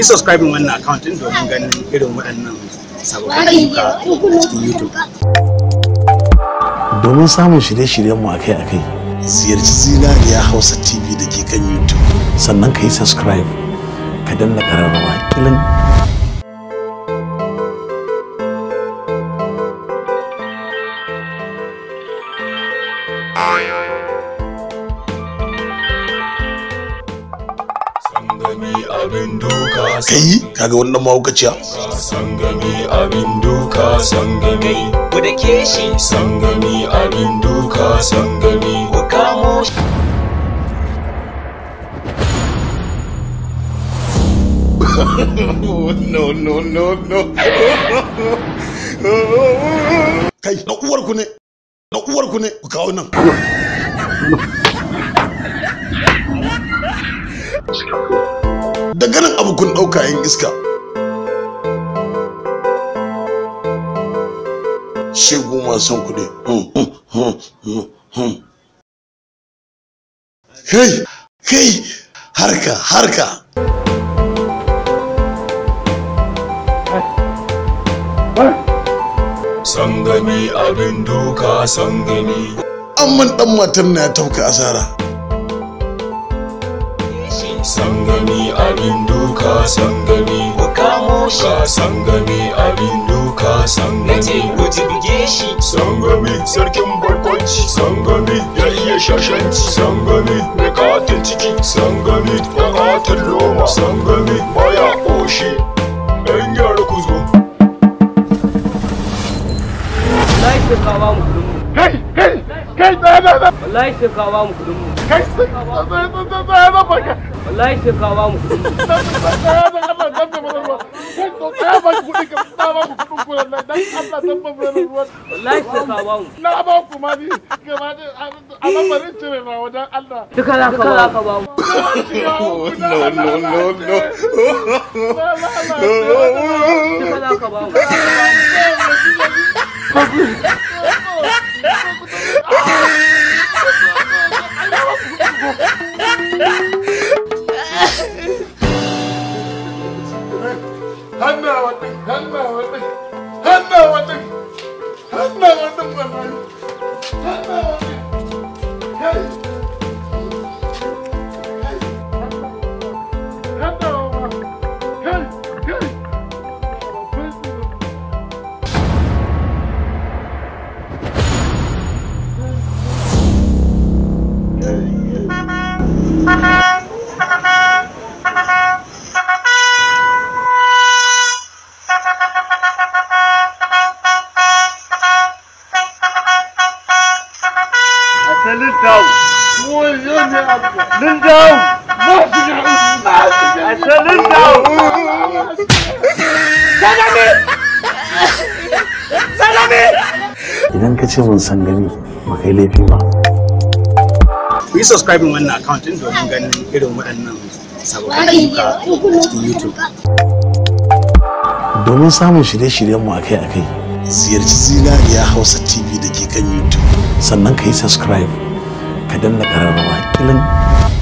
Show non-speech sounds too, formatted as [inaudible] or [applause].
yi subscribe wannan account din domin ganin irin waɗannan sababbin a cikin YouTube. Domin samun shirye-shiryenmu akai-akai. Ziyarci Zinariya Hausa TV da ke kan YouTube. Sannan ka yi subscribe, ka danna ƙararrawa kilin Oh, yeah. sangami abin duka kai kaga wannan mahaukaciya sangami abin duka sangami ku da ke shi sangami abin duka sangami ku kamo no no no no kai na uwar ne na uwar ne ku kawo nan [laughs] abu kun ɗauka yin iska shegu masu kuɗi kai kai harka harka sangami abin duka sangami amman dan matan na ya tauka asara sangami abin duka sangami ku kamo shi sangami abin duka sangami ku jibge shi sangami sarkin barkwanci sangami ya iya shashanci sangami mai katin ciki sangami kakatin roma sangami baya ƙoshi ɗan kuzo. ku zo. Na mu kai kai kai tsaya da da wallahi sai ka ba mu kudin mu kai sai ka ba mu kudin mu wallahi sai ka ba mu kudin mu tsaya da Allah mu kudin ba kudin dan Allah dan ba mu wallahi sai ka ba mu na ba ku ma bi da cire ma wajen Allah duka za ka ba ka ba mu no no no no no no no سلنتاو لنتاو سلنتاو سلامي سلامي idan ka ce mun san gani ba kai laifi ba ku yi subscribing wannan account din domin ganin irin waɗannan sabon a cikin youtube domin samun shirye-shiryenmu akai-akai ziyarci zinariya hausa tv da ke kan youtube sannan ka yi subscribe ka danna ƙararrawa kilin